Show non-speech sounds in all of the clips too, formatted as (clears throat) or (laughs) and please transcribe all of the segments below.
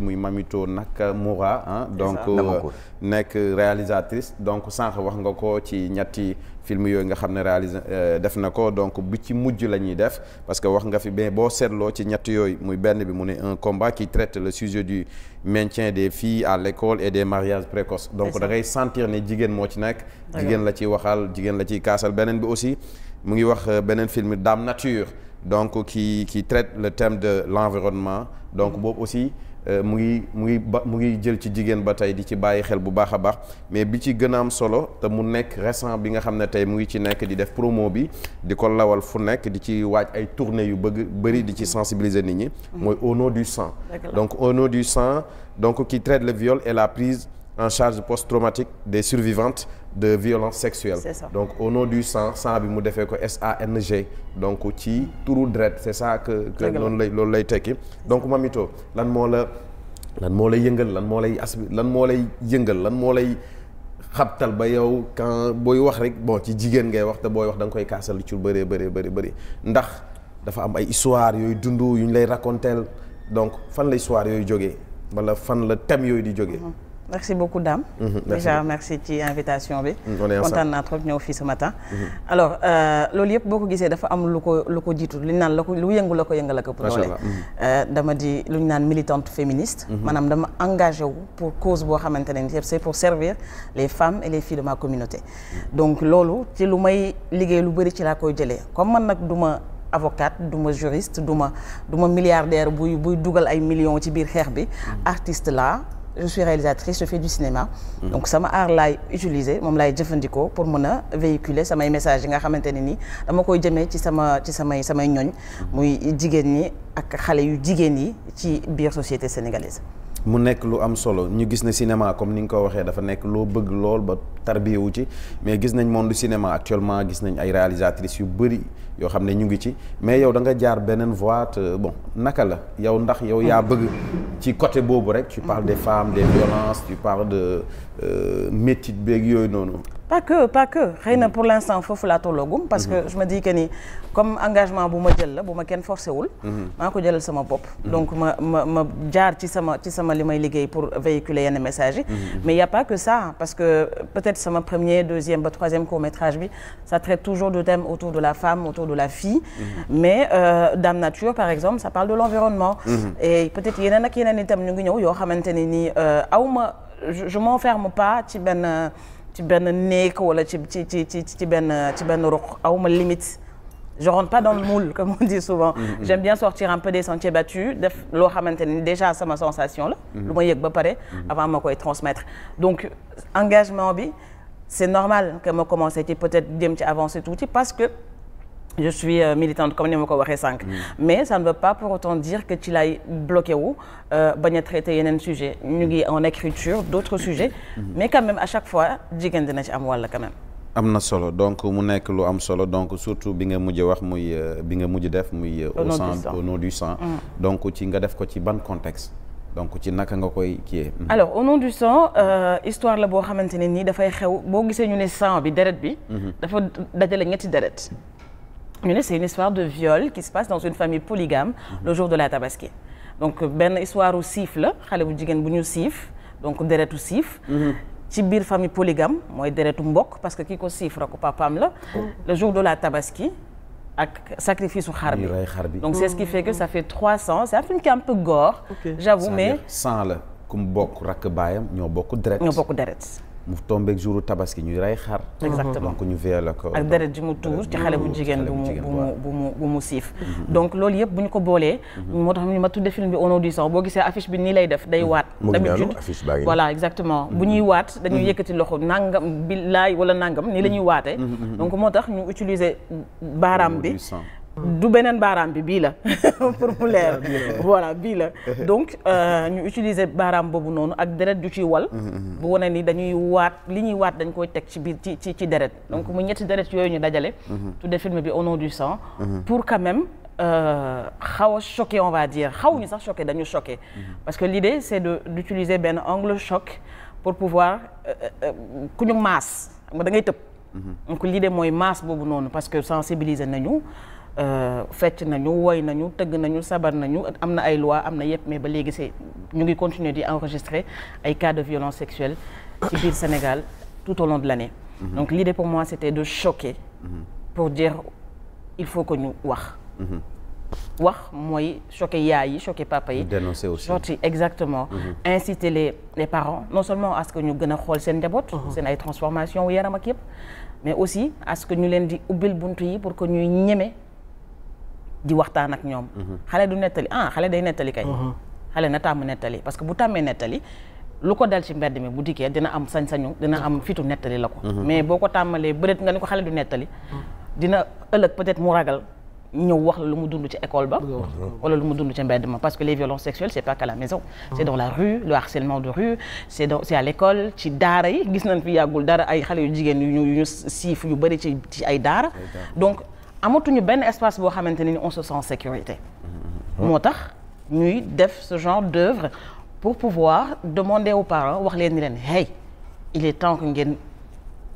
muy Mamito Nakamura donc euh, nekk réalisatrice donc sànq wax nga ko ci ñetti film yooyu nga xam ne réalise euh, def na ko donc bu ci mujj la ñuy def parce que wax nga fi mais boo seetloo ci ñett yooyu muy benn bi mu ne un combat qui traite le sujet du maintien des filles à l'école et des mariages précoces donc dangay ngay sentir ne jigéen moo ci nekk jigéen la ciy waxal jigéen la ciy kaasal beneen bi aussi mu ngi wax euh, beneen film Dame Nature donc qui qui traite le thème de l'environnement donc mm. boobu aussi Euh, mu ngi mu ngi ba mu ngi jël ci jigéen ba tey di ci bàyyi xel bu baax a baax mais bi ci gën a am solo te mu nekk récent bi nga xam ne tey mu ngi ci nekk di def promo bi di ko lawal fu nekk di ci waaj ay tournée yu bëgg bëri di ci sensibiliser nit ñi. Mm. mooy au nom du sang. donc au nom du sang donc qui traite le viol et la prise. en charge post-traumatique des survivantes de violences sexuelles. C'est ça. donc au nom du sang sang bi mu defee ko SANG donc ci turu dret c'est ça que. que loolu lay loolu lay tekki donc Mamito lan moo la lan moo lay yëngal lan moo lay as lan moo lay yëngal lan moo lay xabtal ba yow quand booy wax rek bon ci jigéen ngay wax te booy wax da nga koy kaasal lu ci bëree bëri bëri bëri ndax dafa am ay histoire yooyu dund yu ñu lay raconter donc fan la histoire yooyu jógee wala fan la thème yooyu di jógee. Mhm. merci beaucoup Dame. Mmh, déjà merci ci invitation bi. Mm, kontaan naa trop ñëw fii ce matin. Mmh. alors euh, loolu yëpp boo ko gisee dafa am lu ko lu ko jiitu lu ñu naan la ko lu yëngu la ko yëngal ak ëpp doole. Mhm. Euh, dama di lu ñu naan militante féministe. Mhm. maanaam dama engagé wu pour cause boo xamante ne nii c'est pour servir les femmes et les filles de communauté. Mhm. donc loolu ci lu may liggéey lu bëri ci laa koy jëlee comme man nag duma avocate duma juriste duma duma milliardaire buy buy dugal ay millions ci biir xeex bi artiste je suis réalisatrice je fais du cinéma. Mhm. donc sama art laay utiliser moom laay jëfandikoo pour mën a véiculer samay message yi nga xamante ne nii dama koy jëmee ci sama ci samay samay ñoñ. Mhm. muy jigéen ñi ak xale yu jigéen yi ci biir société sénégalaise. mu nekk lu am solo ñu gis ne cinéma comme ni nga ko waxee dafa nekk loo bëgg lool ba tarbiyewu ci mais gis nañ monde cinéma actuellement gis nañ ay réalisatrices yu bëri yoo xam ne ñu ngi ci mais yow da nga jaar beneen voie euh, bon naka la yow ndax yow yaa mm. bëgg ci côté boobu rek tu parles des mm. femmes des violences tu parles de euh, métier beeg yooyu noonu pas que pas que xëy na mm-hmm. pour l'instant que mm-hmm. je me dis que ni comme engagement bu ma jël la bu ma kenn forcé wul mm-hmm. maa ko jëlal sama bopp donc ma ma ma jaar ci li may liggéey pour véhiculer yenn message yi mais y a pas que ça parce que peut-être sama premier deuxième ba troisième court métrage bi ça traite toujours de thèmes autour de la femme autour de la fille mais euh, Dame Nature par exemple ça parle de l'environnement et peut-être yeneen ak yeneen itam ñu ngi ñëw yoo xamante ne nii euh, aw ma je m'enferme pas ci benn néeg wala ci ci ci ci ci benn ci benn ruq awma limite je rentre pas dans le moule (laughs) comme on dit souvent mm-hmm. j'aime bien sortir un peu des sentiers def loo xamante ni déjà sama sensation la mm-hmm. lu ma yëg ba pare mm-hmm. avant ma koy transmettre donc engagement bi c'est normal que ma commencé ci peut-être dem ci avancer ci parce que je suis euh, militante comme ni ma ko waxee sànq. Mm. mais ça ne veut pas pour autant dire que ci lay bloqué wu euh, bañ a traité yeneen sujet ñu ngi en écriture d' autres sujets. Mm-hmm. mais quand à chaque fois jigéen dina ci am wàll quand am na solo donc mu nekk lu am solo donc surtout bi nga mujje wax muy euh, bi nga mujj def muy. au sang au nom du sang. Mm. donc ci nga def ko ci ban contexte. donc ci naka nga koy kiiyee. Mm-hmm. alors au nom du sang histoire la boo xamante ne nii dafay xew boo gisee ñu ne sang bi deret bi. Mm-hmm. dafa dajale ñetti deret. ñu ne c'est une histoire de viol qui se passe dans une famille polygame mhm. le jour de la tabaski donc benn histoire u siif la xale bu jigéen bu ñu siif donc deretu siif mhm. ci biir famille polygame mooy deretu mbokk parce que kii ko siif ko papaam la oh. le jour de la tabaski ak sacrifice su xar bi donc c'est ce qui fait que ça fait trois cents c'est un film qui gore j'avoue mais cent la ku mu bokk rakk baayam ñoo bokk deret ñoo bokk deret mu tombeeg jouru tabaski ñuy rey xar. exactement donc ñu veillé ko. ak deret ji mu tuur ci xale bu jigéen bu mu bu mu mu siif. Mhm. donc loolu yëpp bu ñu ko boolee. Mhm. moo tax ma tudde film bi au nom du sang boo gisee affiche bi nii lay def day mhm. waat. d'habitude voilà exactement. bu ñuy waat dañuy yëkkati loxo nangam billaay wala nangam nii lañuy ñuy waatee. donc moo tax ñu utiliser baaraam bi. du beneen baaraam bi bii la (laughs) pour voilà bii la donc euh, ñu utiliser baaraam boobu noonu ak deret ju ciy wal mm-hmm, mm-hmm. bu wane ni dañuy waat li ñuy waat dañ koy teg ci biir ci ci ci deret donc mm-hmm. mu ñetti deret yooyu ñu dajale de film bi au nom du sang pour quand même euh, xaw euh, a choqué on va dire xawuñu sax choqué dañu choqué parce que de c'est de d'utiliser benn angle choc pour pouvoir euh, ku ñu maas xam nga da ngay tëb donc l'idée mooy maas boobu noonu parce que sensibiliser nañu Euh, fecc nañu woy nañu tëgg nañu sabar nañu am na ay loi am na yëpp mais ba léegi se ñu ngi continuer di enregistrer ay cas de violence sexuelle ci biir Sénégal tout au long de l'année mm -hmm. donc l'idée pour moi c'était de choquer mhm. pour dire il faut que ñu wax mhm. wax mooy choquer yaay yi choquer papa yi. dénoncer aussi sorti exactement. Mm -hmm. inciter les les parents non seulement à ce que ñu gën a xool seen njaboot. Mhm. seen ay transformation yaram ak yëpp. mais aussi à ce que ñu leen di ubbil buntu yi pour que ñuy ñeme. di waxtaan ak ñoom. Mhm. xale du nettali ah xale day nettali kay. Mhm. xale na tàmm nettali parce que bu tàmmee nettali lu ko dal ci mbedd mi bu dikkee dina am sañ-sañu dina am fitu nettali la ko. Mhm. mais boo ko tàmmalee bëreet nga ni ko xale du nettali. dina ëllëg peut-être mu ragal. ñëw wax la lu mu dund ci école ba wala lu mu dund ci mbedd ma parce que les violences sexuelles c'est pas qu'à la c'est dans la rue le harcèlement de rue c'est dans c'est à l'école ci daara yi gis nañ fi yàggul dara ay xale yu jigéen yu ñu siif yu bëri ci ci ay daara amatuñu benn espace boo xamante ne ni on se sent en sécurité moo tax ñuy def ce genre d'œuvre pour pouvoir demander aux parents wax leen ni leen hey il est temps ngeen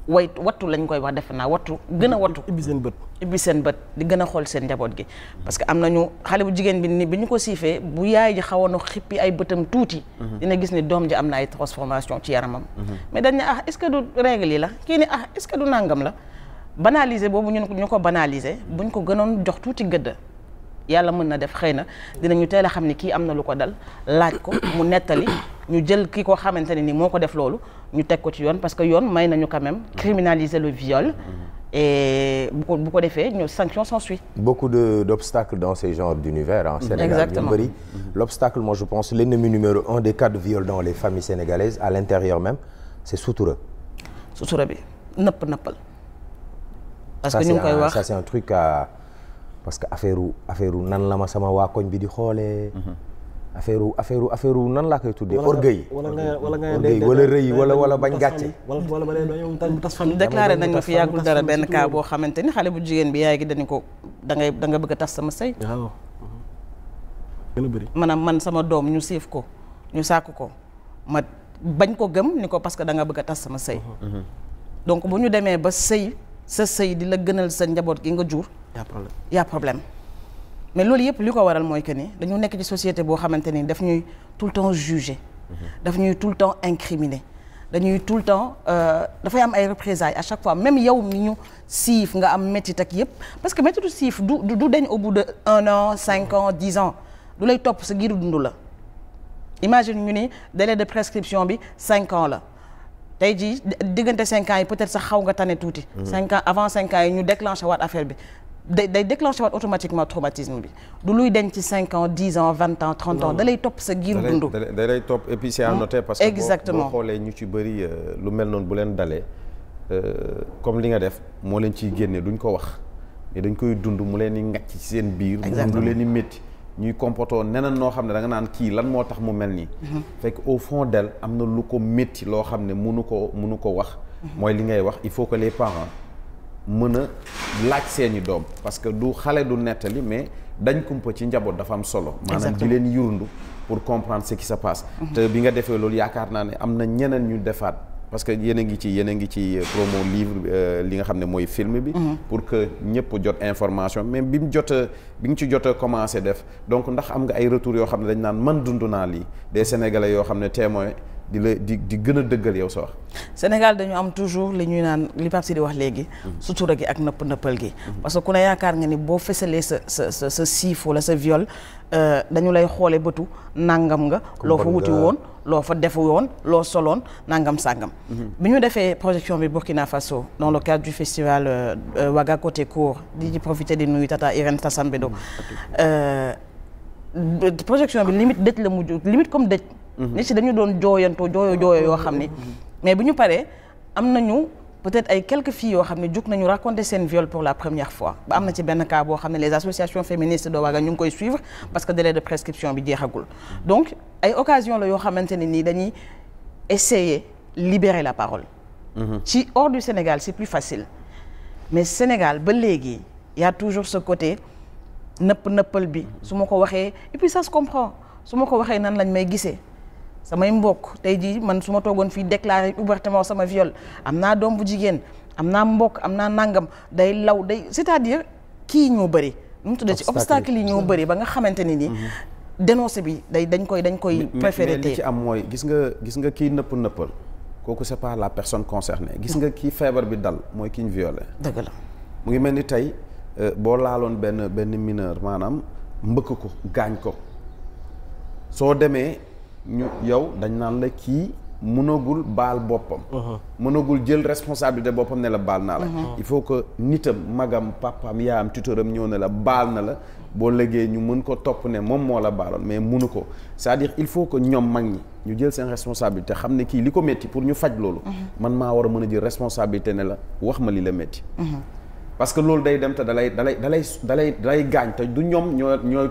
way wattu lañ koy wax defe naa wattu gën a wattu ibbi seen bët ibbi seen bët di gën a xool seen njaboot gi parce que am ñu xale bu jigéen bi ni bi ñu ko siifee bu yaay ji xawoon a xippi ay bëtam tuuti mhm. dina gis ni doom ji am na ay transformation ci yaramam mhm. mais dañ ne ah est-ce que du règle yi la kii ni ah est-ce que du nàngam la banaliser boobu ñu ñu ko banaliser ñu ko gënoon jox tuuti gëdd yàlla mën na def xëy na dinañu teel a xam ni kii am na lu ko dal laaj ko mu nettali ñu jël ki ko xamante ne ni moo ko def loolu ñu teg ko ci yoon parce que yoon may nañu quand même criminaliser le viol et bu ko bu ko defee ñu sanction s'ensuit beaucoup de d'obstacles dans ces genres d'univers en Sénégal ñu bëri l'obstacle moi je pense l'ennemi numéro un des cas de viol dans les familles sénégalaises à l'intérieur même c'est sutura sutura bi nëpp nëppal parce ça, que ñu ngi koy wax parce que affaire nan la ma sama waa koñ bi di xoolee. Mhm. affaire affaire affaire nan laa koy tuddee. orgueil wala nga wala nga orgueil wala rëy wala wala bañ gàcce. wala wala ba léegi tas famille déclaré nañ ma fi yàggul dara benn cas boo xamante ni xale bu jigéen bi yaay gi dañu ko dangay ngay nga bëgg a tas sama sëy. waaw mhm. gën a maanaam man sama doom ñu siif ko ñu sàkk ko ma bañ ko gëm ni ko parce que da nga bëgg a tas sama sëy. Mhm. donc bu ñu demee ba sëy. sa sëy di la gënal sa njaboot gi nga jur. y' problème mais loolu yëpp li ko waral mooy que ni dañu nekk ci société boo xamante ni daf ñuy tout le temps jugé. Mhm. daf ñuy tout le temps incriminé. dañuy tout le temps euh, dafay am ay représailles à chaque fois même yow mi ñu siif nga am métit ak yëpp parce que métitu siif du du deñ au bout de un an cinq ans dix ans du lay topp sa giiru dund la. imagine ñu ni délai de prescription bi cinq ans la. tey jii diggante cinq ans yi peut-être sax xaw nga tane tuuti. Mhm. cinq ans avant cinq yi ñu déclenché waat affaire bi day day déclenché waat automatiquement traumatisme bi du luy denc ci cinq ans dix ans vingt ans trente ans. da lay topp sa giiru dundu da lay topp et puis c'est à hmm? noter parce que exactement xoolee ñu ci bëri euh, lu mel noonu bu leen dalee euh, comme li nga def moo leen ciy génne duñ ko wax mais dañ koy dund mu leen di ngacc ci seen biir. exactement leen di métti. ñuy comportoo neneen noo xam ne danga naan kii lan moo tax mu mel nii mhm. fekk au fond d'elle am na lu ko métti loo xam ne munu ko munu ko wax mhm. mooy li ngay wax il faut que les parents mën a laaj seeni doom parce que du xale du nettali mais dañ kumpa ci njaboot dafa am solo maanaam di leen yurundu pour comprendre ce qui se passe mhm. te bi nga defee loolu yaakaar naa ne am na ñeneen ñu defaat parce que yéen a ngi ci yéen a ngi ci promo livre euh, li nga xam ne mooy film bi. Mm-hmm. pour que ñëpp jot information mais bi mu jot bi nga ci jot a commencé def donc ndax am nga ay retours yoo xam ne dañ naan man dund naa lii de sénégalais yoo xam ne témoin di la di di gën a dëggal yow sa wax. Sénégal dañu am toujours li ñuy naan li Pape Sidi wax léegi. Mm-hmm. sutura gi ak nëpp nëppal gi. Mm-hmm. parce que ku ne yaakaar nga ni boo fësalee sa sa sa siif wala sa viol. Euh, dañu lay xoole bëtu nangam nga loo fa wuti woon loo fa defu woon loo soloon nangam sàngam mhm. bi ñu defee projection bi Burkina Faso dans le cadre du festival euh, Waga euh, Côté Court di ci profité di nuyu Tata Irène Tassambedo mhm. euh, projection bi limite dëj la mujj limite comme dëj mhm. nit si dañu doon jooyantoo jooyo jooyo yoo xam ne mais bu ñu paree am na nañu peut-être ay quelques filles yoo xam ne jug nañu raconter seen viol pour la première fois ba am na ci benn cas boo xam ne les associations féministes doo waaga ñu ngi koy suivre parce que délai de prescription bi jeexagul donc ay occasion la yoo xamante ne nii dañuy essayer libérer la parole mhm. ci mmh. hors du Sénégal c'est plus facile mais Sénégal ba léegi y toujours ce côté nëpp nëppal bi mhm. su ma ko waxee et puis ça comprend su ma ko waxee nan lañ may gisee samay mbokk tey jii man su ma toogoon fii déclaré ouvertement sama viol am naa doom bu jigéen am naa mbokk am naa nangam day law day cest kii ñoo bëri nu mu tuddee ci obstacle yi ñoo mm-hmm. bëri ba nga xamante ni ni mm-hmm. dénoncé bi day dañ koy dañ koy préféré li ci am mooy gis nga gis nga kii nëpp nëppal kooku c'est pas la personne concernée gis nga kii feebar bi dal mooy ki ñu violé la mu ngi mel ni tey euh, boo laaloon benn benn mineur maanaam mbëkk ko gaañ ko soo demee ñu yow dañ naan la kii mënagul baal boppam uh-huh. mënagul jël responsabilité boppam ne la baal naa la uh-huh. il faut que nitam magam papam yaayam tutoram ñëw ne la baal na la boo légee ñu mën ko topp ne moom moo la baaloon mais mënu ko sa à dire il faut que ñoom mag ñi ñu jël seen responsabilité xam ne kii li ko métti pour ñu faj loolu uh-huh. man maa war a mën a jël responsabilité ne la wax ma li la métti parce loolu day dem te dalay dalay dalay dalay dalay gaañ te du ñoom ñoo ñooy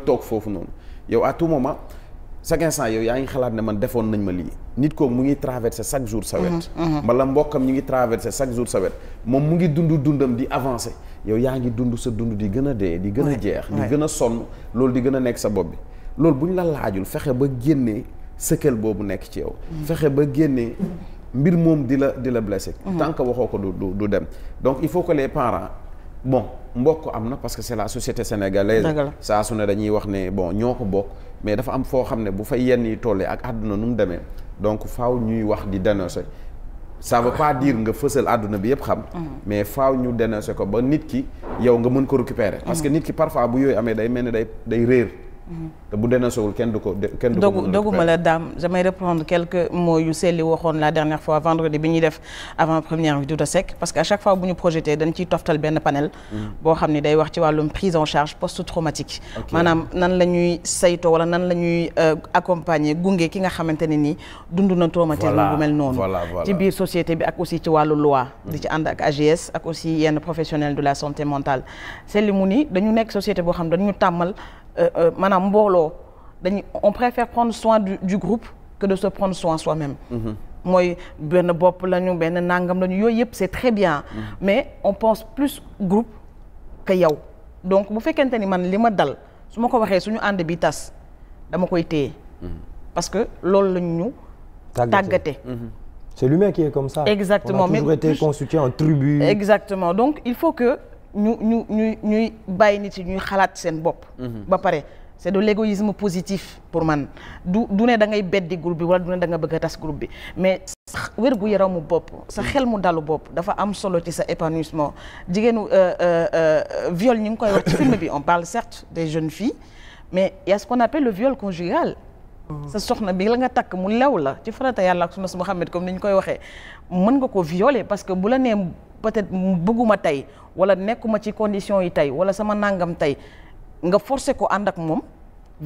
chaque instant yow yaa ngi xalaat ne man defoon nañ ma lii nit kooku mu ngi traversé chaque jour sa wet mm-hmm, mm-hmm. mbokkam ñu ngi traversé chaque jour sa moom mu ngi dund dundam di avancé yow yaa ngi dund sa dund di gën a dee di gën a jeex di gën a sonn loolu di gën a nekk sa bopp bi loolu bu ñu la laajul fexe ba génnee sëkkal boobu nekk ci yow mm-hmm. fexe ba génnee mbir moom di la di la tant que waxoo ko du du dem donc il faut que les parents bon mbokk am na parce que c'est la société sénégalaise saa su ne dañuy wax ne bon ñoo ko bokk mais dafa am foo xam ne bu fa yenn yi tollee ak àdduna nu mu demee donc faaw ñuy wax di dénoncer saaba veut pas nga fësal àdduna bi yëpp xam mm-hmm. mais faaw ñu dénoncer ko ba nit ki yow nga mën ko récupérer parce que mm-hmm. nit ki parfois bu yooyu amee day mel ni day day réer te bu denasewul kenn du ko kenn du ko doguma la daam damay reprendre quelques mots yu selli waxoon la dernière fois vendredi bi ñuy def avant première bi Douta Seck parce que à chaque fois bu ñu projeté dañ ciy toftal benn panel mm-hmm. boo xam ni day wax ci wàllum prise en charge post-traumatique maanaam nan la ñuy saytoo wala nan la ñuy euh, gunge ki nga xamante ni nii dund na traumatisme bu mel noonu ci biir société bi ak aussi ci wàllu loi mm-hmm. di ci ànd ak AGS ak aussi yenn professionnel de la santé mentale selli mu ni dañu nekk société boo xam dañu Euh, euh, maanaam mbooloo dañuy on préfère prendre soin du, du groupe que de se prendre soin soi mm-hmm. mooy benn bopp lañu benn nangam lañu yooyu yëpp c'est très bien mm-hmm. mais on pense plus groupe que yow donc bu fekkente ni man li ma dal su ma ko waxee suñu ànd bi tas dama koy téye mm-hmm. parce que loolu lañ ñu tàggate c'est l'humain qui est comme ça exactement on a toujours été donc il faut que ñu ñu ñuy ñuy bàyyi nit yi ñuy xalaat seen bopp. Mhm. ba pare c'est de l'égoïsme positif pour man du du ne da ngay beddi groupe bi wala du ne da nga bëgg a tas groupe bi mais sax wér gu yaramu bopp sa mhm. xel mu dalu bopp dafa am solo ci sa épanouissement jigéenu euh, euh, euh, viol ñi ngi koy wax ci film bi on parle certes des jeunes filles mais il y a ce le viol conjugal mhm. sa soxna bi la nga takk mu lew la ci farata yàlla ak sunu Muhammad comme ni ñu koy waxee mën nga ko violer parce que bu la nee peut-être bëgguma tey wala nekkuma ci condition yi tey wala sama nangam tey nga force ko ànd ak moom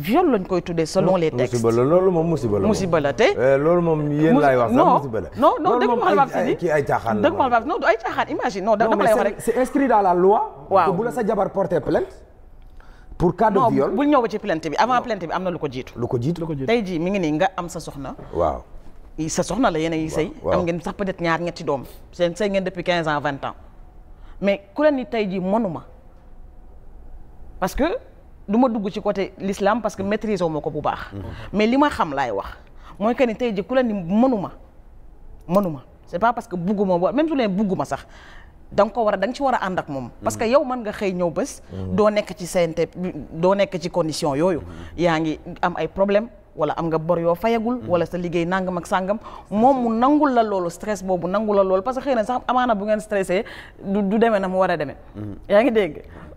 viol lañ koy tuddee selon les textes musiba la loolu moom musiba la musiba la te eh, loolu moom yéen laay wax sax musiba la non non dëgg ma la wax si kii ay caaxaan la dëgg ma la wax du ay caaxaan imagine non dama lay wax rek c'est inscrit dans la loi waaw bu la sa jabar porter plainte pour cas de viol non bul ñëw ba ci plant bi avant plainte bi am na lu ko jiit lu ko jiitu tey jii mi ngi nii nga am sa soxna waaw sa soxna la yéen a ngi sëy am ngeen sax peut ñaar ñetti doom seen sëy ngeen depuis quinze ans vingt ans mais ku leen ni tey jii mënuma parce que du ma dugg ci côté lislaam parce que mm-hmm. maîtriser wu ma ko bu baax mm-hmm. mais li ma xam laay wax mooy que ni tey jii ku leen ni mënuma mënuma c'est pas parce que bugguma wa même su leen bugguma sax da nga ko war a da ci war a ànd ak moom mm-hmm. parce que yow man nga xëy ñëw bés doo nekk ci sente doo nekk ci condition yooyu yaa ngi wala am nga bor yoo fayagul mm. wala sa liggéey nangam ak sàngam moom mu nangul la loolu stress boobu nangul la loolu parce que xëy na sax amaana bu ngeen stressé du du demee na mu war a demee mm. yaa ngi dégg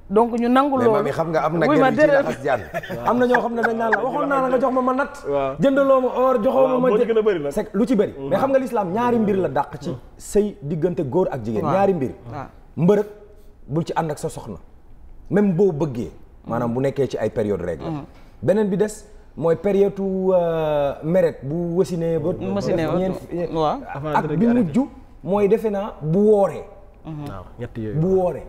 donc ñu nangu loolu mais xam nga am na gën ci laxas (laughs) xam ne dañ naan la waxoon naa la jox ma ma nat jëndaloo ma or joxoo ma ma gën a bëri nag c'est lu ci bëri mais mm. xam nga lislaam ñaari mbir la dàq ci sëy diggante góor ak jigéen ñaari mbir mbërëg bul ci ànd ak sa soxna même boo bëggee maanaam bu nekkee ci ay période règle beneen bi des mooy période euh, meret bu wasinee ba. wasinee ba ak bi mujj mooy defe naa bu wooree. Mhm. ñett yooyu bu wooree.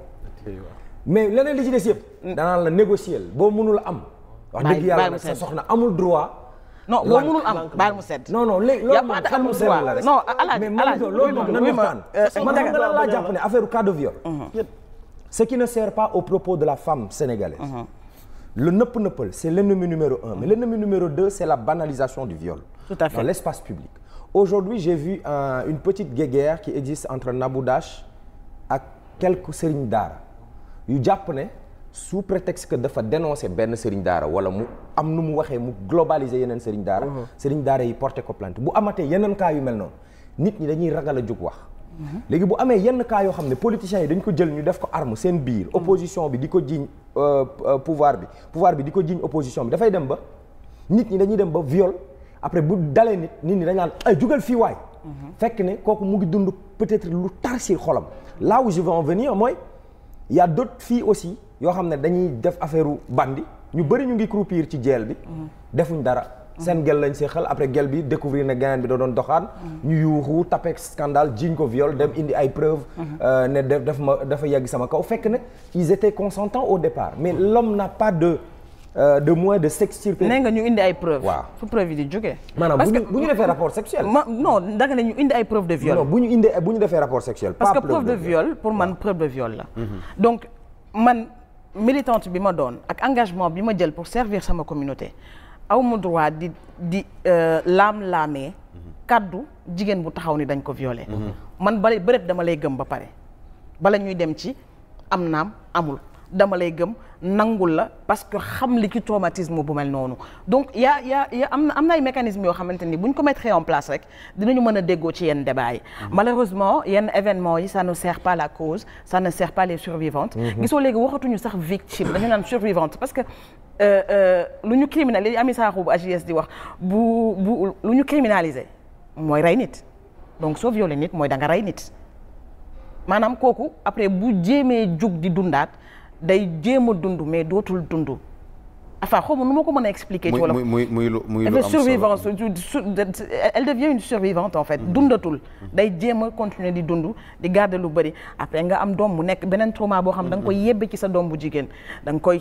mais leneen li ci des yëpp. danaan la négocier boo mënul am. wax dëgg yàlla nag sa soxna amul droit. non boo mënul am baal mu sedd. non non léegi loolu moom xam mu sedd la euh, jàpp ne affaire cas de viol. Mhm. ce qui ne sert pas au propos de la femme sénégalaise. Mhm. le nëpp nëppal c'est l'ennemi numéro un mais mi numéro deux c'est la banalisation du viol Tout à fait. dans l'espace public aujourd'hui j'ai vu un, une petite guéguerre qui existe entre Nabou Dash ak quelques sëriñ daara yu jàpp ne sous prétexte que dafa dénoncer benn sëriñ daara wala mu am nu mu waxee mu globaliser yeneen sëriñ daara mhm. sëriñ daara yi porté ko plainte bu amatee yeneen cas yu mel noonu nit ñi dañuy ragal a jóg wax léegi bu amee yenn cas yoo xam ne politiciens yi dañ ko jël ñu def ko arme seen biir. Hmm. opposition bi di ko jiiñ euh, euh, pouvoir bi pouvoir bi di ko jiiñ opposition bi dafay dem ba nit ñi dañuy dem ba viol après bu dalee nit nit ñi dañ naan ay eh, jugal fii waay. Hmm. fekk ne kooku mu ngi dund peut-être lu tar si xolam. là où je veux en venir mooy y a aussi yoo xam ne dañuy def affaire bandi ñu bëri ñu ngi croupir ci jeel bi. Hmm. defuñ dara. seen gel lañ see xal après gel bi découvrir ne ganeen bi da doon doxaan mm. ñu yuuxu tapek scandale jiñ ko viol dem indi ay preuve mm-hmm. euh, ne def ma dafa yàgg sama kaw fekk nag ils étaient consentants au départ mais mm. l'homme n'a pas de Euh, de moins de nga ñu indi ay preuves. waaw fu preuve yi di jógee. maanaam bu ñu bu ñu defee rapport sexuel. ma non danga ne bu ñu parce que preuve de viol pour man preuve de viol la. Mm-hmm. donc man militante bi ma doon ak engagement bi ma jël pour servir sama communauté. aw mu droit di di euh, laam-laamee kàddu jigéen bu taxaw ni dañ ko violé mhm. man bale bëreet dama lay gëm ba pare bala ñuy dem ci am naam amul dama lay gëm nangul la parce que xam li ci traumatisme bu mel noonu donc yaa yaa ya am na am na ay mécanismes yoo xamante ni bu ñu ko mettre en place rek dinañu mën a déggoo ci yenn débat yi mm-hmm. malheureusement yenn événement yi ça ne sert par la cause ça ne sert pas les survivantes mm-hmm. gisoo léegi waxatuñu sax victime dañu naan survivante parce que euh, euh, lu ñu criminal li Ami Sakho bu AJS di wax bu bu lu ñu criminaliser mooy rey nit donc soo violé nit mooy da nga rey nit maanaam kooku après bu jéemee jug di dundaat day jéem a dund mais dootul dund enfin xaw ma nu ma ko mën a expliquer. ci wala muy muy muy lu am survivance elle devient une survivante en fait. Mm-hmm. dundatul mm-hmm. day jéem a continuer di dund di garder lu bëri après nga am doom mu nekk beneen trauma boo xam da nga koy mm-hmm. yebbe ci sa doom bu jigéen danga nga koy.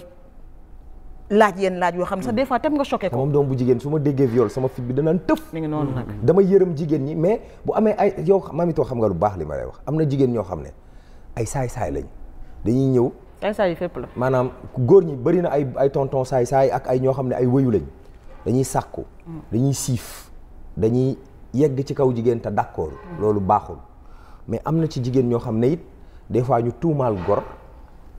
laaj yenn laaj yoo xam sax des fois tam nga choqué ko. doom bu jigéen su ma déggee viol sama fit bi danaan tëf. mi ngi noonu dama yërëm jigéen ñi mais bu amee ay yow mamitoo xam nga lu baax li ma lay wax am na jigéen ñoo xam ne ay saay-saay lañ dañuy ñëw ay yi fépp la. maanaam góor ñi bëri na ay ay tonton saay saay ak ay ñoo xam ne ay wëyu lañ dañuy sàkku. Mm. dañuy siif dañuy yegg ci kaw jigéen te d'accord. Mm. loolu baaxul mais am na ci jigéen ñoo xam ne it des fois ñu tuumaal gor.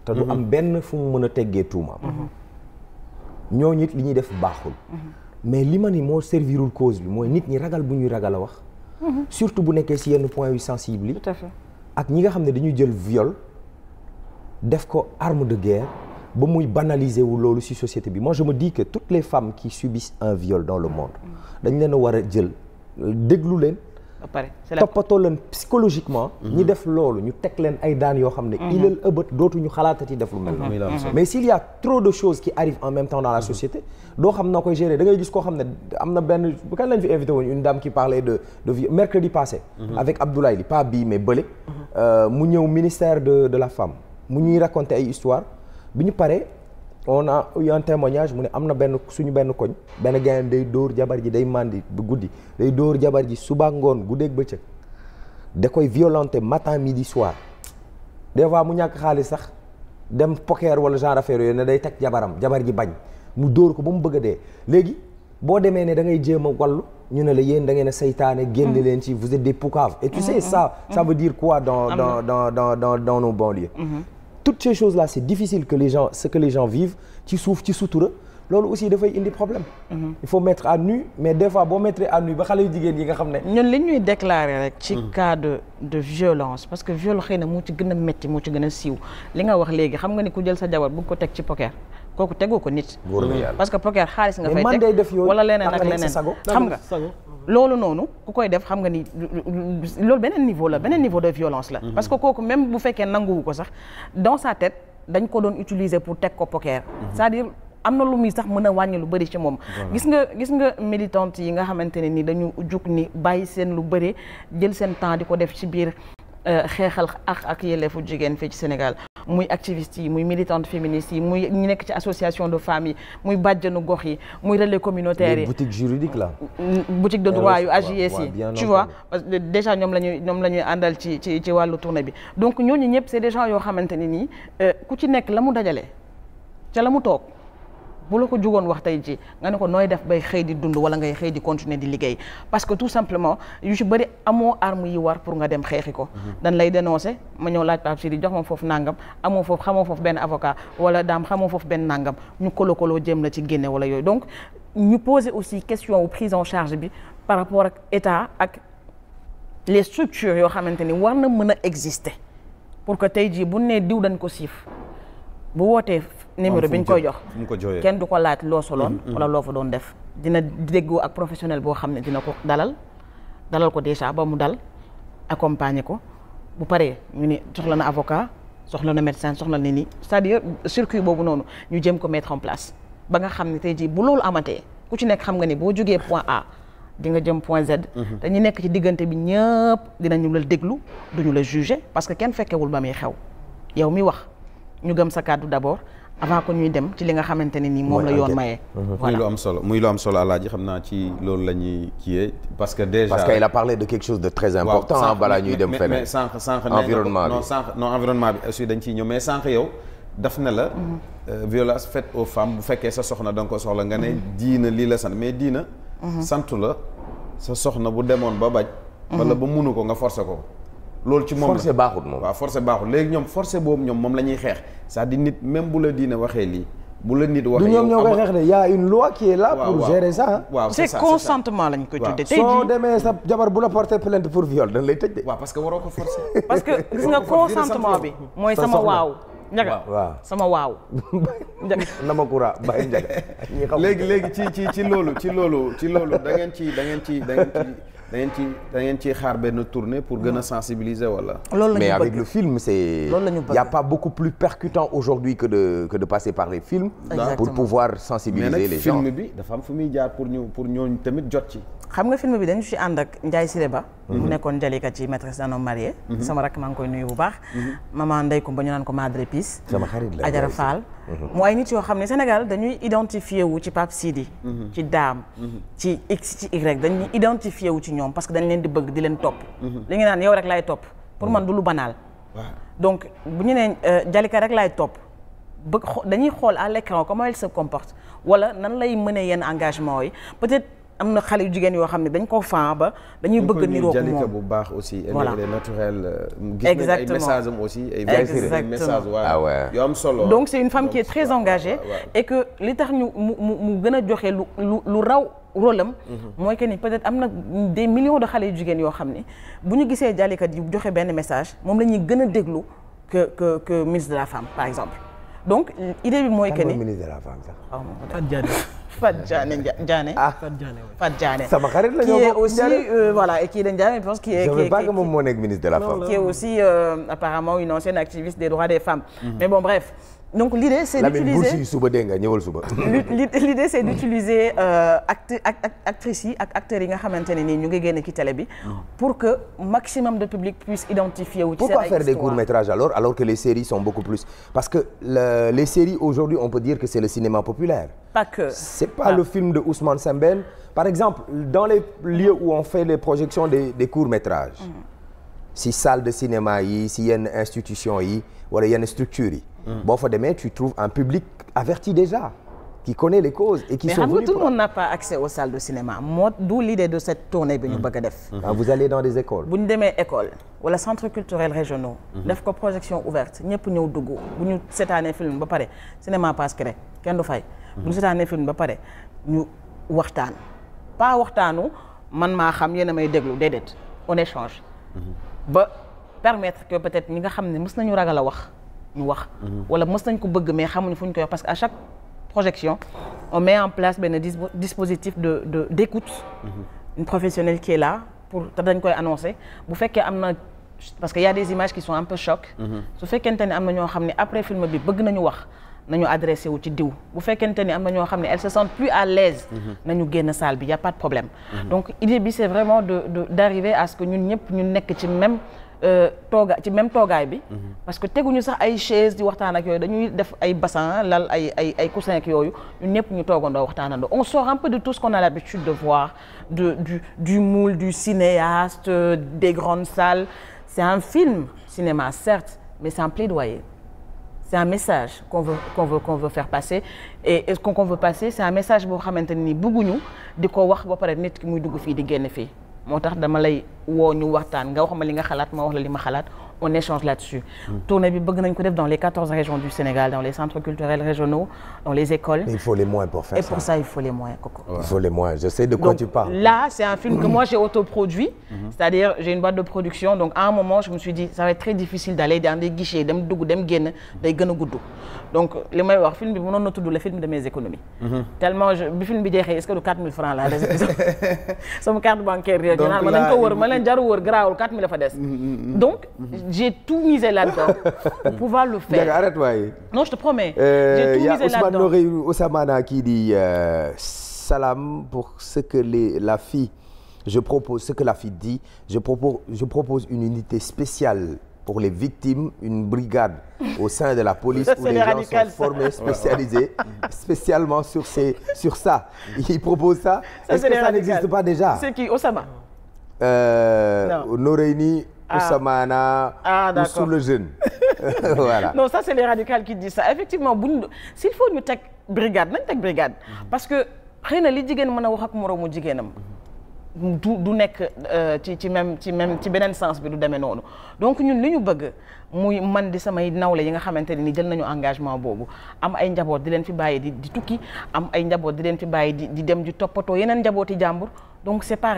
te du am benn fu mu mën a teggee tuumaam. Mm-hmm. ñooñu it li ñuy def baaxul. Mm-hmm. mais li ma ni moo servirul cause bi mooy nit ñi ragal bu ñuy ragal a wax. Mm-hmm. surtout bu nekkee si yenn point yu sensible yi. tout ak ñi nga xam ne dañuy jël viole def ko arme de guerre ba muy banaliser wu loolu ci société bi moi je me dis que toutes les femmes qui subissent un viol dans le monde dañ leen a war a jël déglu leen toppatoo leen psychologiquement mhm. ñi def loolu ñu teg leen ay daan yoo xam ne mhm. ilal ëbët dootuñu xalaatati def lu mel mhm. noonu mais s'il y a trop de choses qui arrivent en même temps dans la société doo xam noo koy gérer da ngay gis koo xam ne am na benn bu kan lañ fi invité woon une dame qui parlait euh, mu ñëw ministère de de la femme mu ñuy raconter ay histoire bi ñu paree on a eu un témoignage mu ne am na benn suñu benn koñ benn gaynde day dóor jabar ji day màndi bu guddi day dóor jabar ji suba ngoon guddeeg bëccëg da koy violenter matin midi soir des fois mu ñàkk xaalis sax dem poker wala genre affaire yooyu ne day teg jabaram jabar ji bañ mu dóor ko ba mu bëgg a dee léegi boo demee ne da ngay jéem a wallu ñu ne la yéen da ngeen a saytaane génn mm-hmm. leen ci vous êtes des poucaves et tu sais mm-hmm. ça ça mm-hmm. veut dire quoi dans dans dans dans dans tout nos banlieues toutes ces choses là c'est difficile que les gens ce que les gens vivent ci suuf ci sutura loolu aussi dafay indi problème il faut mettre à nu mais des fois boo mettre à nu ba xale yu jigéen yi nga xam ne ñun li ñuy déclarer rek ci cas de de violence parce que viol xëy na moo ci gën a métti moo ci gën a siiw li nga wax léegi xam nga ni ku jël sa jabar bu ko teg ci poker kooku tegoo ko nit parce que poker xaalis nga fay teg wala leneen ak leneen xam nga loolu noonu ku koy def xam nga ni loolu beneen niveau la beneen niveau de violence la mhm. parce que kooku même bu fekkee nanguwu ko sax dans a tête dañ ko doon utiliser pour teg ko poker mhm. cest à am na lu muy sax mën a wàññi lu bëri ci moom gis nga gis nga militante yi nga xamante ne ni dañu jug ni bàyyi seen lu bëri jël seen temps di ko def ci biir xeexal ak ak yelleefu jigéen fii ci Sénégal muy activiste yi muy militante féministe yi muy ñu nekk ci association de femmes yi muy bàjjanu gox yi muy relais communautaire yi boutique juridique là mm, boutique de eh droit yu AJS yi tu vois déjà ñoom la ñuy ñoom la ñuy àndal ci ci ci wàllu tournée bi donc ñooñu ñëpp c'est des yoo xamante ni nii euh, ku ci nekk la mu dajale ca la mu toog bu la ko jugoon wax tey ci nga ne ko nooy def bay xëy di dund wala ngay xëy di continuer di liggéey parce que tout simplement yu ci bëri amoo arme yi war pour nga dem xeexi ko mhm. dañ lay dénoncer ma ñëw laaj Pape Sidi jox ma foofu nàngam amoo foofu xamoo foofu benn avocat wala daam xamoo foofu benn nàngam ñu kolo kolo jëm la ci génne wala yooyu donc ñu poser aussi question wu prise en charge bi par rapport ak état ak les structures yoo xamante ni war na mën a exister pour que tey jii bu nee diw dañ ko siif bu wootee numéro bi ñu koy jox kenn du ko laaj loo soloon mm-hmm. wala loo fa doon def dina déggoo ak professionnel boo xam ne dina ko dalal dalal ko déjà ba mu dal accompagner ko bu paree ñu ni soxla na avocat soxla na médecin soxla na nii c'est-à-dire circuit boobu noonu ñu jëm ko mettre en place ba nga xam ne tey jii bu loolu amatee ku ci nekk xam nga ni boo jógee point A di nga jëm point Z. Mm-hmm. te ñu nekk ci diggante bi ñëpp dinañu la déglu duñu la juger parce que kenn fekkewul ba muy xew yow mi wax ñu gëm sa kàddu d'abord avant que ñuy dem ci li nga xamante ne nii moom la yoon maye. Mhm. muy lu am solo muy lu am solo alaaji xam naa ci loolu la ñuy kiiyee parce que déjà parce que il a parlé de quelque chose de très important balaa ñuy dem feneen mais sànq sànq environnement bi aussi dañ ciy ñëw mais sànq yow daf ne la mhm. euh, violence faite aux femmes bu fekkee sa soxna da nga ko soxla nga ne mhm. diina lii la sant mais diina santu la sa soxna bu demoon ba bañ wala ba munu ko nga forcer ko loolu ci moom la forcé baaxul moom waaw forcé baaxul léegi ñoom forcé boobu ñoom moom la ñuy xeex cest di dire nit même bu la diine waxee lii bu la nit waxee du ñoom ñoo koy xeex de y a une loi qui pour ouais, gérer ça waaw c'est ça consentement lañ koy tuddee tey soo demee sa jabar bu la porter plainte pour viol dañ lay tëj de waaw parce que waroo ko forcer (laughs) parce que gis nga consentement bi mooy sama waaw njaga waaw sama waaw njaga (laughs) nama kura bàyyi njaga (laughs) léegi léegi ci ci ci loolu ci loolu ci loolu da ngeen ci da ngeen ci da dangeen ci da ngeen ci xaar benn tournée pour gën a sensibiliser wala. loolu la ñu bëgg mais avec le film c' est. loolu la ñu bëgg y' a pas beaucoup plus percutant aujourd'hui que de passer par les films. Exactement. pour pouvoir sensibiliser les gens mais bi dafa am fu muy jaar pour ñu pour ñooñu tamit jot ci. xam nga film bi dañu si ànd ak Ndiaye Siré Ba mhm. mu nekkoon Jalika ci maîtresse d'un homme marié mhm. sama rakk maa ngi koy nuyu bu baax mhm. maman Ndeye Coumba ñu naan ko ma Pis sama xarit la Ajara Fall mu ay nit yoo xam ne Sénégal dañuy identifié wu ci Pape Sidi ci Dame ci X ci Y dañuy identifié wu ci ñoom parce que dañ leen di bëgg di leen topp li nga naan yow rek laay topp pour man du lu banaal donc bu ñu nee euh, Jalika rek laay topp bëgg dañuy xool a l'écran comment elle se wala nan lay mënee yenn engagement yi am na xale yu jigéen yoo xam ne dañ ko faa ba dañuy bëgg niroog moom bu baax aussi voilà elle est naturelle euh, gis nañ aussi ay messages ah solo donc c'est une femme qui est très engagée et que li tax ñu mu mu gën a joxe lu lu lu raw rôle am mhm. mooy que ni peut-être am na des millions de xale yu jigéen yoo xam ne bu ñu gisee Jalika di joxe benn message moom la ñuy gën a déglu que que que ministre de la femme par exemple donc idée bi mooy que ni ministre de la femme sax. waaw ah, Fatou Diané. Fatou Diané Diané. ah Fatou Diané. sama xarit la ñoo bokk aussi euh, voilà et kii de Diané je pense. qui est je veux pas que moom moo nekk ministre de la femme. qui est aussi euh, apparemment une ancienne activiste des droits des femmes. Mhm. mais bon bref. donc l'idée c'est d'utiliser suba dégg nga ñëwal suba l'idée c'est d'utiliser euh, act actrices yi ak acteurs yi nga xamante ne nii ñu ngi génn ci télé hmm. pour que maximum de public puisse identifier wu pourquoi faire des courts métrages alors alors que les séries sont beaucoup plus parce que le, les séries aujourd'hui on peut dire que c'est le cinéma populaire pas que c'est pas le ah. film de Ousmane Sembène par exemple dans les lieux où on fait les projections des, des courts métrages hmm. si salle de cinéma yi si yenn institution yi wala yenn structures yi Mmh. boo fa demee tu trouves un public averti déjà qui connaît les causes et qui mais sont venus. Mais tout le monde n'a pas accès bi ñu mmh. bëgg a def. Mmh. Ah, vous allez dans des écoles. bu ñu demee école wala centre culturel régionaux. def ko projection ouverte ñëpp ñëw dugg bu ñu seetaanee film ba pare cinéma passe craie kenn du fay. bu ñu seetaanee film ba pare ñu waxtaan. pas waxtaanu man maa xam yéen a may déglu déedéet on échange. ba permettre que peut ñi nga xam ne mës nañu ragal a wax. ñu wax. Mhm. wala mës nañ ko bëgg mais xamuñu fu ñu koy wax parce que à chaque projection on met en place benn dispositif de de d' écoute. Mhm. une professionnelle qui est pour te dañ koy annoncer bu fekkee am na parce que y a des images qui sont un peu choc. Mhm. su fekkente ne am na ñoo xam ne après film bi bëgg nañu wax. nañu adressé wu ci diw bu fekkente ni am na ñoo xam ne elles se sentent plus à l'aise nañu génn salle bi y a pas de problème. donc idée bi c'est vraiment de de à ñun ñëpp ñu nekk ci même. Euh, tooga ci même toogaay bi. Mhm. parce que teguñu sax ay chaise di waxtaan ak yooyu dañuy def ay bassan lal ay ay ay coussin ak yooyu ñun ñëpp ñu toogandoo waxtaanandoo on sort un peu de tous ce qu'on a l'habitude de voir de du du moule du cinéaste euh, des grandes salles c'est un film cinéma certes mais c'est un plaidoyer. c'est un message qu'on veut qu'on veut qu'on passer et ce qu'on veut passer c'est un message boo xamante nii bëgguñu di ko wax ba pare nit muy dugg fii di génn fii moo tax dama lay woo ñu waxtaan nga wax ma nga xalaat ma wax la ma xalaat on échange là-dessus. Hmm. tournée bi bëgg nañ ko def dans les régions du Sénégal dans les centres culturels régionaux dans les écoles. et pour ça il faut les moyens il faut les moyens je sais de quoi tu parles. là c'est un film que moi j'ai (clears throat) autoproduit. Mhm. c'est-à-dire j'ai une boîte de production donc un moment je me dit ça va très difficile d'aller dans des guichets dem dugg dem génn day a (laughs) Mm-hmm. leen mm-hmm. donc j'ai tout misé là-dedans (laughs) pouvoir le faire. non je te promets. j'ai euh, tout misé là kii di salam pour ce que la fille je propose ce dit je propose une unité spéciale. pour les victimes une brigade au sein de la police où les gens sont formés spécialisés (laughs) spécialement sur ces sur ça ils n'existe pas déjà c'est qui Osama Euh, Noreyni, ah. Oussamana, ah, Ousou le jeune. (laughs) voilà. Non, ça c'est les radicales qui disent ça. Effectivement, bu ñu s'il faut ñu teg brigade nañ teg brigade mhm. parce que xëy na li jigéen mën a wax ak moroomu jigéenam. Mhm. du du nekk euh, ci ci même ci même ci beneen sens bi du demee noonu donc ñun li ñu bëgg muy man di samay nawle yi nga xamante ne ni jël nañu engagement boobu am ay njaboot di leen fi bàyyi di di tukki am ay njaboot di leen fi bàyyi di di dem di toppatoo yeneen njabooti jàmbur donc c'est pas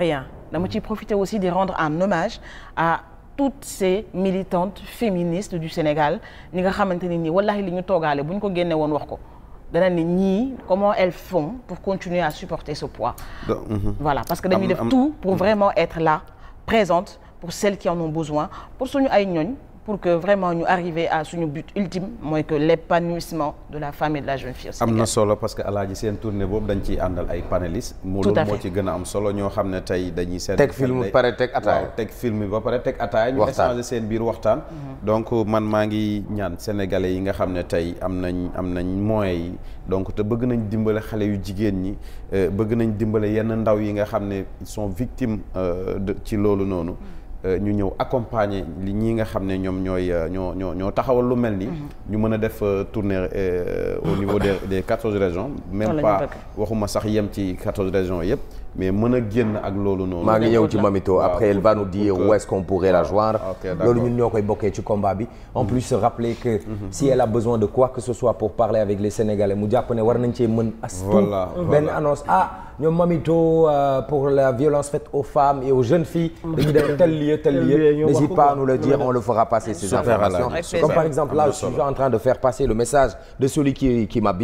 la dama ciy profiter aussi di rendre un hommage à toutes ces militantes féministes du Sénégal ñi nga xamante ne nii wallahi li ñu toogaale bu ñu ko génne woon wax ko dana ni ñii comment elles font pour continuer à supporter ce poids. Mhm. voilà parce que dañuy def tout pour mhm. vraiment être là présente pour celles qui en ont besoin pour suñu ay ñooñ. pour que vraiment ñu arriver à suñu but ultime mooy que l'épanouissement de la femme et de la jeune fille am na solo parce que alaaji seen tournée boobu dañ ciy àndal ay panélistes moo loolu moo ci gën a am solo ñoo xam ne tey dañuy seen teg film ba pare teg ataaya teg film ba pare teg ataaya ñu échanger seen biir waxtaan mhm. donc man maa ngi ñaan sénégalais yi nga xam ne tey am nañ am nañ moyens yi donc te bëgg nañ dimbale xale yu jigéen ñi euh, bëgg nañ dimbale yenn ndaw yi nga xam ne ils sont victimes euh, de ci loolu noonu mhm. Euh, ñu ñëw accompagner li ñi nga xam ne ñoom ñooy euh, ñoo ñoo taxawal lu mel ni mhm. ñu mën a def euh, tournée au niveau des des quatorze régions même pas waxuma sax yem ci quatorze régions yëpp mais mën a génn ak loolu noonu. maa ngi Mamito après elle va nous dire où est-ce qu'on pourrait la ah, joindre. loolu ñun ñoo koy bokkee ci en plus se mhm. que. Mhm, mhm. si elle a besoin de quoi que ce soit pour parler avec les Sénégalais mu jàpp ne war nañ cee mën. annonce ah ñoom Mamito euh, pour la violence faite aux femmes et aux jeunes filles. dañu tel lieu tel lieu n'hésite pas nous le dire on le fera passer ces informations. comme par exemple là suis en train de faire passer le message de celui qui qui m'a